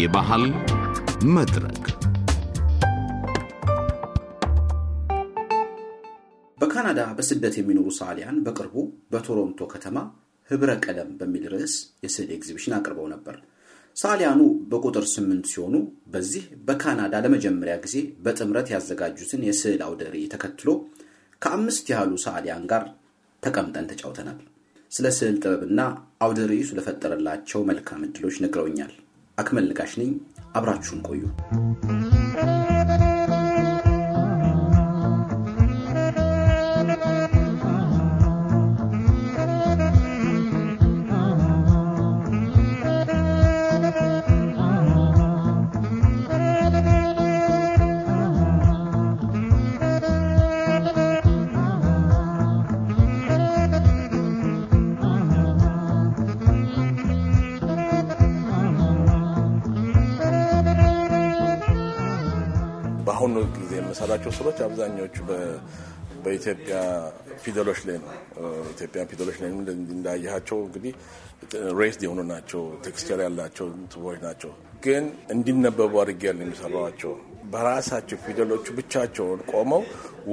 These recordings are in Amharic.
የባህል መድረክ በካናዳ በስደት የሚኖሩ ሳሊያን በቅርቡ በቶሮንቶ ከተማ ህብረ ቀለም በሚል ርዕስ የስዕል ኤግዚቢሽን አቅርበው ነበር። ሳሊያኑ በቁጥር ስምንት ሲሆኑ በዚህ በካናዳ ለመጀመሪያ ጊዜ በጥምረት ያዘጋጁትን የስዕል አውደሪ ተከትሎ ከአምስት ያህሉ ሳሊያን ጋር ተቀምጠን ተጫውተናል። ስለ ስዕል ጥበብና አውደሪ ስለፈጠረላቸው መልካም እድሎች ነግረውኛል። አክመልጋሽ ነኝ። አብራችሁን ቆዩ። በአሁኑ ጊዜ የምሰራቸው ስሎች አብዛኛዎቹ በኢትዮጵያ ፊደሎች ላይ ነው። ኢትዮጵያ ፊደሎች ላይ እንዳያቸው እንግዲህ ሬስ የሆኑ ናቸው። ቴክስቸር ያላቸው ትቦች ናቸው። ግን እንዲነበቡ አድርጌ ያለ የሚሰራቸው በራሳቸው ፊደሎቹ ብቻቸውን ቆመው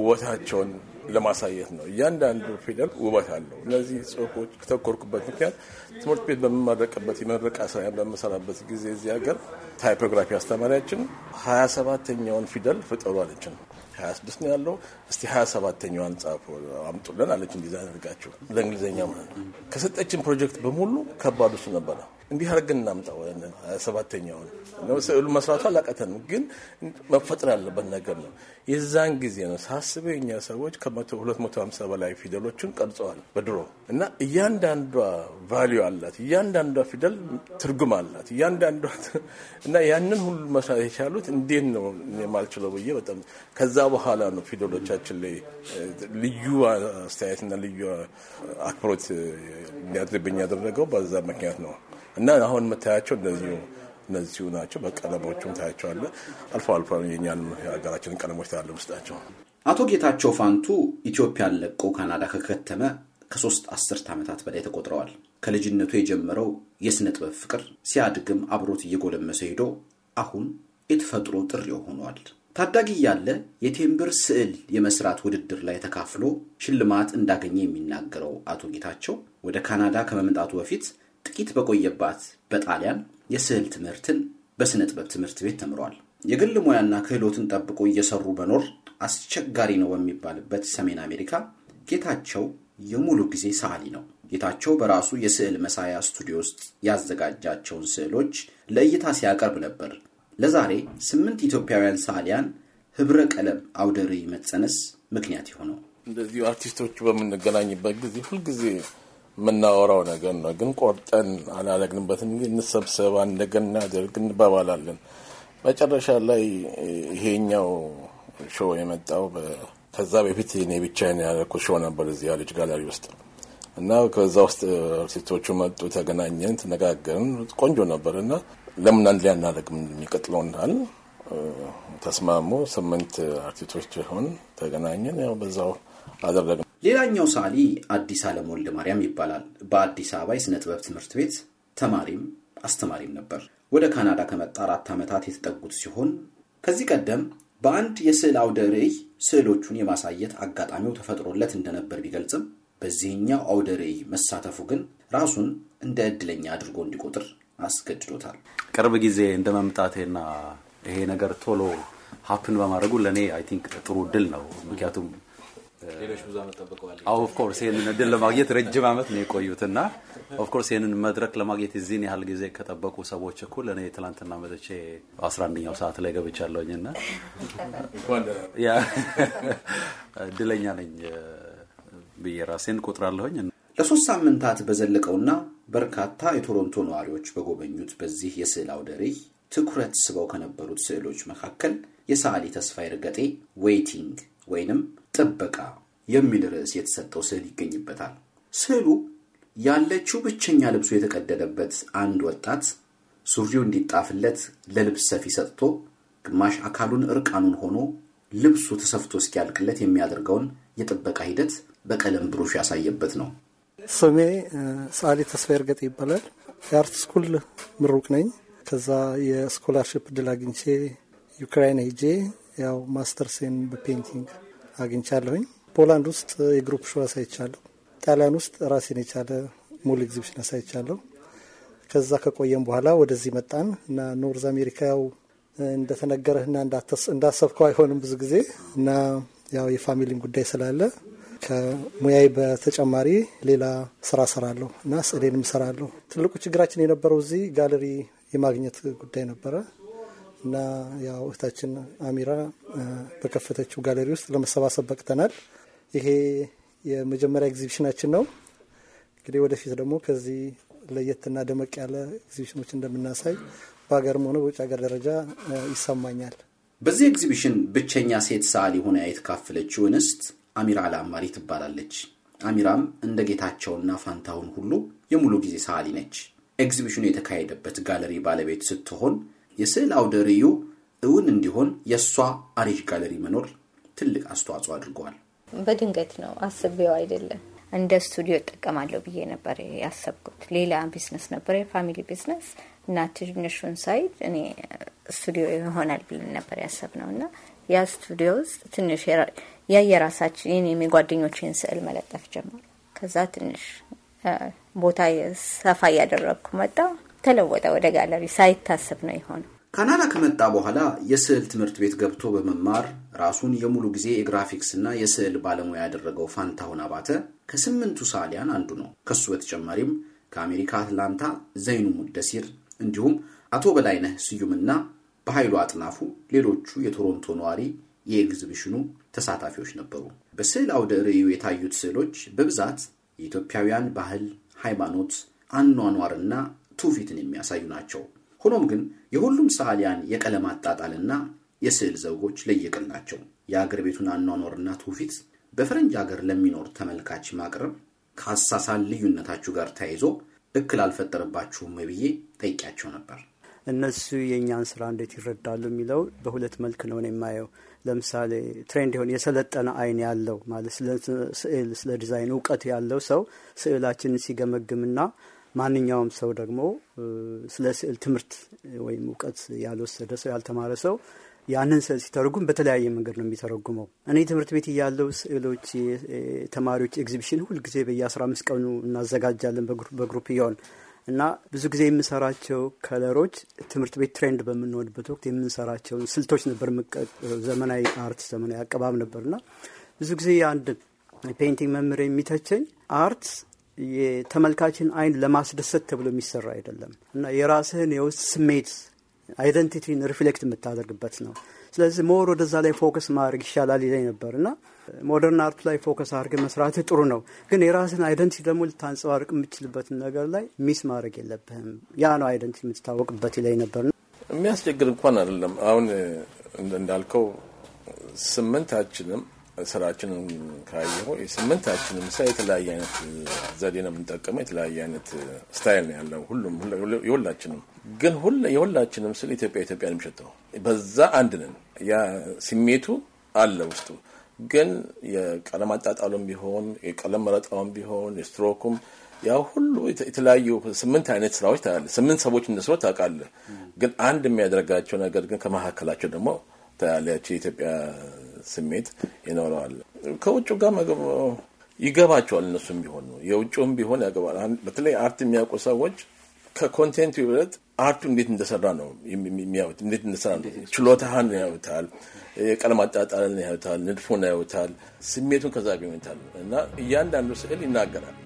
ውበታቸውን ለማሳየት ነው። እያንዳንዱ ፊደል ውበት አለው። እነዚህ ጽሁፎች ከተኮርኩበት ምክንያት ትምህርት ቤት በምመረቅበት የመረቃ ስራ በምሰራበት ጊዜ እዚህ ሀገር ታይፖግራፊ አስተማሪያችን ሀያ ሰባተኛውን ፊደል ፍጠሩ አለችን። ሀያ ስድስት ነው ያለው። እስቲ ሀያ ሰባተኛዋን ጻፉ አምጡልን አለችን። ዲዛይን አድርጋችሁ ለእንግሊዝኛ ማለት ነው። ከሰጠችን ፕሮጀክት በሙሉ ከባዱ እሱ ነበረ። እንዲህ አድርገን እናምጣው። ሰባተኛውን ስዕሉ መስራቱ አላቀተንም፣ ግን መፈጠር ያለበት ነገር ነው። የዛን ጊዜ ነው ሳስበው የኛ ሰዎች ከ ሁለት በላይ ፊደሎችን ቀርጸዋል በድሮ እና እያንዳንዷ ቫሊዩ አላት፣ እያንዳንዷ ፊደል ትርጉም አላት፣ እያንዳንዷ እና ያንን ሁሉ መስራት የቻሉት እንዴት ነው የማልችለው ብዬ በጣም ከዛ በኋላ ነው ፊደሎቻችን ላይ ልዩ አስተያየትና ልዩ አክብሮት እንዲያድርብኝ ያደረገው በዛ ምክንያት ነው። እና አሁን የምታያቸው እነዚሁ እነዚሁ ናቸው። በቀለሞቹም ታያቸዋለ። አልፎ አልፎ የኛን የሀገራችንን ቀለሞች ታያለ ውስጣቸው። አቶ ጌታቸው ፋንቱ ኢትዮጵያን ለቆ ካናዳ ከከተመ ከሶስት አስርት ዓመታት በላይ ተቆጥረዋል። ከልጅነቱ የጀመረው የሥነ ጥበብ ፍቅር ሲያድግም አብሮት እየጎለመሰ ሄዶ አሁን የተፈጥሮ ጥሪው ሆኗል። ታዳጊ እያለ የቴምብር ስዕል የመስራት ውድድር ላይ ተካፍሎ ሽልማት እንዳገኘ የሚናገረው አቶ ጌታቸው ወደ ካናዳ ከመምጣቱ በፊት ጥቂት በቆየባት በጣሊያን የስዕል ትምህርትን በሥነ ጥበብ ትምህርት ቤት ተምሯል። የግል ሙያና ክህሎትን ጠብቆ እየሰሩ መኖር አስቸጋሪ ነው በሚባልበት ሰሜን አሜሪካ ጌታቸው የሙሉ ጊዜ ሰዓሊ ነው። ጌታቸው በራሱ የስዕል መሳያ ስቱዲዮ ውስጥ ያዘጋጃቸውን ስዕሎች ለእይታ ሲያቀርብ ነበር። ለዛሬ ስምንት ኢትዮጵያውያን ሰዓሊያን ህብረ ቀለም አውደ ርዕይ መጸነስ ምክንያት የሆነው እንደዚሁ አርቲስቶቹ በምንገናኝበት ጊዜ ሁልጊዜ የምናወራው ነገር ነው። ግን ቆርጠን አላለግንበትም። እንሰብሰብ፣ እንደገና እናደርግ እንባባላለን። መጨረሻ ላይ ይሄኛው ሾ የመጣው ከዛ በፊት እኔ ብቻዬን ያደረኩት ሾ ነበር እዚህ ልጅ ጋላሪ ውስጥ እና ከዛ ውስጥ አርቲስቶቹ መጡ፣ ተገናኘን፣ ተነጋገርን። ቆንጆ ነበር እና ለምን አንድ ላይ አናደርግም የሚቀጥለውን አለ ተስማሙ። ስምንት አርቲስቶች ሆን ተገናኘን፣ ያው በዛው አደረግን። ሌላኛው ሳሊ አዲስ አለም ወልደ ማርያም ይባላል። በአዲስ አበባ የሥነ ጥበብ ትምህርት ቤት ተማሪም አስተማሪም ነበር። ወደ ካናዳ ከመጣ አራት ዓመታት የተጠጉት ሲሆን ከዚህ ቀደም በአንድ የስዕል አውደ ርዕይ ስዕሎቹን የማሳየት አጋጣሚው ተፈጥሮለት እንደነበር ቢገልጽም በዚህኛው አውደ ርዕይ መሳተፉ ግን ራሱን እንደ እድለኛ አድርጎ እንዲቆጥር አስገድዶታል። ቅርብ ጊዜ እንደ መምጣቴና ይሄ ነገር ቶሎ ሀፕን በማድረጉ ለእኔ አይ ቲንክ ጥሩ እድል ነው። ምክንያቱም ሌሎች ብዙ አመት ጠብቀዋል። ኦፍኮርስ ይህንን እድል ለማግኘት ረጅም አመት ነው የቆዩትና ኦፍኮርስ ይህንን መድረክ ለማግኘት እዚህን ያህል ጊዜ ከጠበቁ ሰዎች እኩል እኔ ትላንትና መጥቼ አስራ አንደኛው ሰዓት ላይ ገብቻለሁኝና እድለኛ ነኝ ብዬ ራሴን ቆጥራለሁኝ። ለሶስት ሳምንታት በዘለቀውና በርካታ የቶሮንቶ ነዋሪዎች በጎበኙት በዚህ የስዕል አውደ ርዕይ ትኩረት ስበው ከነበሩት ስዕሎች መካከል የሰዓሊ ተስፋዬ እርገጤ ዌይቲንግ ወይንም ጥበቃ የሚል ርዕስ የተሰጠው ስዕል ይገኝበታል። ስዕሉ ያለችው ብቸኛ ልብሱ የተቀደደበት አንድ ወጣት ሱሪው እንዲጣፍለት ለልብስ ሰፊ ሰጥቶ ግማሽ አካሉን እርቃኑን ሆኖ ልብሱ ተሰፍቶ እስኪያልቅለት የሚያደርገውን የጥበቃ ሂደት በቀለም ብሩሽ ያሳየበት ነው። ስሜ ሰዓሊ ተስፋ እርገጥ ይባላል። የአርት ስኩል ምሩቅ ነኝ። ከዛ የስኮላርሽፕ ድል አግኝቼ ዩክራይን ሄጄ ያው ማስተርሴን በፔንቲንግ አግኝቻለሁኝ። ፖላንድ ውስጥ የግሩፕ ሾ አሳይቻለሁ። ጣሊያን ውስጥ ራሴን የቻለ ሙሉ ኤግዚቢሽን አሳይቻለሁ። ከዛ ከቆየም በኋላ ወደዚህ መጣን እና ኖርዝ አሜሪካው እንደተነገረህና እንዳሰብከው አይሆንም ብዙ ጊዜ እና ያው የፋሚሊን ጉዳይ ስላለ ከሙያዬ በተጨማሪ ሌላ ስራ ሰራለሁ እና ስዕሌንም ሰራለሁ። ትልቁ ችግራችን የነበረው እዚህ ጋለሪ የማግኘት ጉዳይ ነበረ። እና ያው እህታችን አሚራ በከፈተችው ጋለሪ ውስጥ ለመሰባሰብ በቅተናል። ይሄ የመጀመሪያ ኤግዚቢሽናችን ነው። እንግዲህ ወደፊት ደግሞ ከዚህ ለየትና ደመቅ ያለ ኤግዚቢሽኖች እንደምናሳይ በሀገርም ሆነ በውጭ ሀገር ደረጃ ይሰማኛል። በዚህ ኤግዚቢሽን ብቸኛ ሴት ሰዓሊ ሆና የተካፈለችው እንስት አሚራ ለአማሪ ትባላለች። አሚራም እንደ ጌታቸውና ፋንታሁን ሁሉ የሙሉ ጊዜ ሰዓሊ ነች። ኤግዚቢሽኑ የተካሄደበት ጋለሪ ባለቤት ስትሆን የስዕል አውደ ርዕዩ እውን እንዲሆን የእሷ አሪጅ ጋለሪ መኖር ትልቅ አስተዋጽኦ አድርገዋል። በድንገት ነው፣ አስቤው አይደለም። እንደ ስቱዲዮ እጠቀማለሁ ብዬ ነበር ያሰብኩት። ሌላ ቢዝነስ ነበር፣ የፋሚሊ ቢዝነስ እና ትንሹን ሳይድ እኔ ስቱዲዮ ይሆናል ብለን ነበር ነው እና ያ ስቱዲዮ ውስጥ ትንሽ ያ የራሳችን የጓደኞችን ስዕል መለጠፍ ጀመር። ከዛ ትንሽ ቦታ ሰፋ እያደረግኩ መጣ። ተለወጠ። ወደ ጋለሪ ሳይታሰብ ነው የሆነው። ካናዳ ከመጣ በኋላ የስዕል ትምህርት ቤት ገብቶ በመማር ራሱን የሙሉ ጊዜ የግራፊክስ ና የስዕል ባለሙያ ያደረገው ፋንታሁን አባተ ከስምንቱ ሰዓሊያን አንዱ ነው። ከሱ በተጨማሪም ከአሜሪካ አትላንታ ዘይኑ ሙደሲር እንዲሁም አቶ በላይነህ ስዩምና በኃይሉ አጥናፉ ሌሎቹ የቶሮንቶ ነዋሪ የኤግዚቢሽኑ ተሳታፊዎች ነበሩ። በስዕል አውደ ርዕዩ የታዩት ስዕሎች በብዛት የኢትዮጵያውያን ባህል፣ ሃይማኖት፣ አኗኗርና ትውፊትን የሚያሳዩ ናቸው። ሆኖም ግን የሁሉም ሰዓሊያን የቀለም አጣጣልና የስዕል ዘውጎች ለየቅል ናቸው። የአገር ቤቱን አኗኗርና ትውፊት በፈረንጅ ሀገር ለሚኖር ተመልካች ማቅረብ ከአሳሳል ልዩነታችሁ ጋር ተያይዞ እክል አልፈጠረባችሁም ብዬ ጠይቂያቸው ነበር። እነሱ የእኛን ስራ እንዴት ይረዳሉ የሚለው በሁለት መልክ ነው የማየው። ለምሳሌ ትሬንድ የሆነ የሰለጠነ አይን ያለው ማለት ስለ ስዕል ስለ ዲዛይን እውቀት ያለው ሰው ስዕላችንን ሲገመግምና ማንኛውም ሰው ደግሞ ስለ ስዕል ትምህርት ወይም እውቀት ያልወሰደ ሰው ያልተማረ ሰው ያንን ስዕል ሲተረጉም በተለያየ መንገድ ነው የሚተረጉመው። እኔ ትምህርት ቤት እያለው ስዕሎች ተማሪዎች ኤግዚቢሽን ሁልጊዜ በየ አምስት ቀኑ እናዘጋጃለን በግሩፕ እየሆን እና ብዙ ጊዜ የምንሰራቸው ከለሮች ትምህርት ቤት ትሬንድ በምንሆንበት ወቅት የምንሰራቸውን ስልቶች ነበር። ዘመናዊ አርት ዘመናዊ አቀባብ ነበርና ብዙ ጊዜ አንድ ፔይንቲንግ መምህር የሚተቸኝ አርት የተመልካችን አይን ለማስደሰት ተብሎ የሚሰራ አይደለም እና የራስህን የውስጥ ስሜት አይደንቲቲን ሪፍሌክት የምታደርግበት ነው። ስለዚህ ሞር ወደዛ ላይ ፎከስ ማድረግ ይሻላል ይለኝ ነበር እና ሞደርን አርቱ ላይ ፎከስ አድርገ መስራት ጥሩ ነው፣ ግን የራስን አይደንቲቲ ደግሞ ልታንጸባርቅ የምችልበትን ነገር ላይ ሚስ ማድረግ የለብህም። ያ ነው አይደንቲቲ የምትታወቅበት ይለኝ ነበር። የሚያስቸግር እንኳን አይደለም። አሁን እንዳልከው ስምንታችንም ስራችንን ካየሆ የስምንታችንም ሳ የተለያየ አይነት ዘዴ ነው የምንጠቀመው። የተለያየ አይነት ስታይል ነው ያለው። ሁሉም የሁላችንም ግን የሁላችንም ስል ኢትዮጵያ ኢትዮጵያ ነው በዛ አንድ ነን። ያ ስሜቱ አለ ውስጡ። ግን የቀለም አጣጣሉም ቢሆን የቀለም መረጣውም ቢሆን የስትሮኩም ያ ሁሉ የተለያዩ ስምንት አይነት ስራዎች ታያለ። ስምንት ሰዎች እንደስሮ ታውቃለህ። ግን አንድ የሚያደርጋቸው ነገር ግን ከመካከላቸው ደግሞ ታያለች የኢትዮጵያ ስሜት ይኖረዋል። ከውጭ ጋር ይገባቸዋል። እነሱም ቢሆኑ የውጭውም ቢሆን ያገባል። በተለይ አርት የሚያውቁ ሰዎች ከኮንቴንቱ ይበለጥ አርቱ እንዴት እንደሰራ ነው የሚያዩት። እንዴት እንደሰራ ነው ችሎታህን ያዩታል፣ የቀለም አጣጣልን ያዩታል፣ ንድፉን ያዩታል፣ ስሜቱን ከዛ ያገኙታል። እና እያንዳንዱ ስዕል ይናገራል።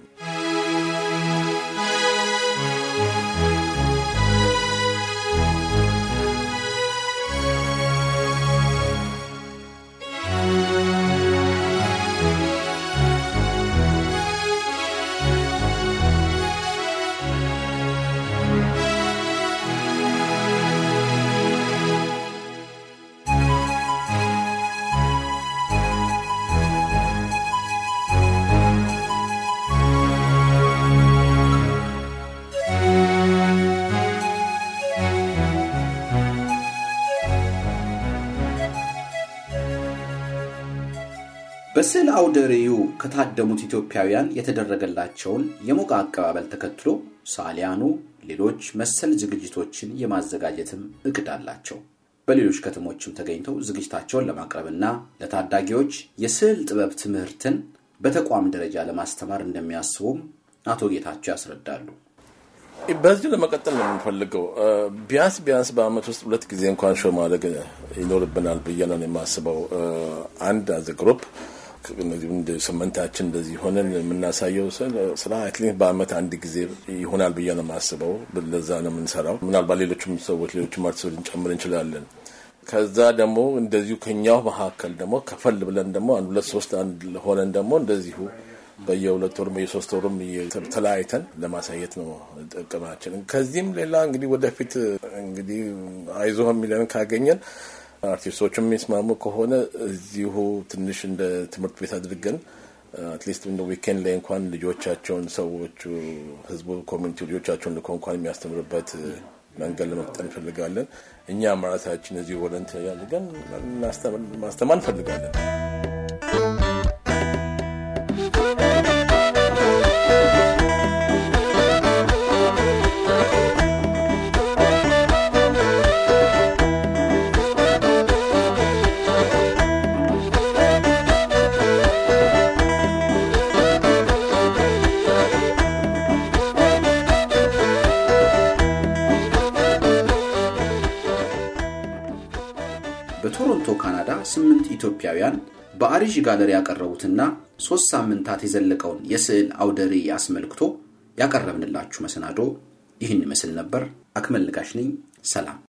በስዕል አውደ ርዕዩ ከታደሙት ኢትዮጵያውያን የተደረገላቸውን የሞቀ አቀባበል ተከትሎ ሳሊያኑ ሌሎች መሰል ዝግጅቶችን የማዘጋጀትም እቅድ አላቸው። በሌሎች ከተሞችም ተገኝተው ዝግጅታቸውን ለማቅረብና ለታዳጊዎች የስዕል ጥበብ ትምህርትን በተቋም ደረጃ ለማስተማር እንደሚያስቡም አቶ ጌታቸው ያስረዳሉ። በዚህ ለመቀጠል ነው የምንፈልገው። ቢያንስ ቢያንስ በአመት ውስጥ ሁለት ጊዜ እንኳን ሾ ማድረግ ይኖርብናል ብዬ ነው የማስበው። አንድ አዘ ግሩፕ ስምንታችን እንደዚህ ሆነን የምናሳየው ስራ አትሊስት በአመት አንድ ጊዜ ይሆናል ብዬ ነው የማስበው። ለዛ ነው የምንሰራው። ምናልባት ሌሎችም ሰዎች ሌሎችም አርቲስቶች ልንጨምር እንችላለን። ከዛ ደግሞ እንደዚሁ ከኛው መካከል ደግሞ ከፈል ብለን ደግሞ አንድ ሁለት ሶስት አንድ ሆነን ደግሞ እንደዚሁ በየሁለት ወርም የሶስት ወርም ተለያይተን ለማሳየት ነው ጥቅማችን። ከዚህም ሌላ እንግዲህ ወደፊት እንግዲህ አይዞህ የሚለን ካገኘን አርቲስቶቹም የሚስማሙ ከሆነ እዚሁ ትንሽ እንደ ትምህርት ቤት አድርገን አትሊስት እንደ ዊኬንድ ላይ እንኳን ልጆቻቸውን ሰዎቹ ህዝቡ ኮሚኒቲ ልጆቻቸውን ልኮ እንኳን የሚያስተምርበት መንገድ ለመፍጠር እንፈልጋለን። እኛ አማራታችን እዚሁ ወለንት ያድርገን ማስተማር እንፈልጋለን። ቶሮንቶ ካናዳ ስምንት ኢትዮጵያውያን በአሪዥ ጋለሪ ያቀረቡትና ሶስት ሳምንታት የዘለቀውን የስዕል አውደሪ አስመልክቶ ያቀረብንላችሁ መሰናዶ ይህን ይመስል ነበር። አክመልጋሽ ነኝ። ሰላም።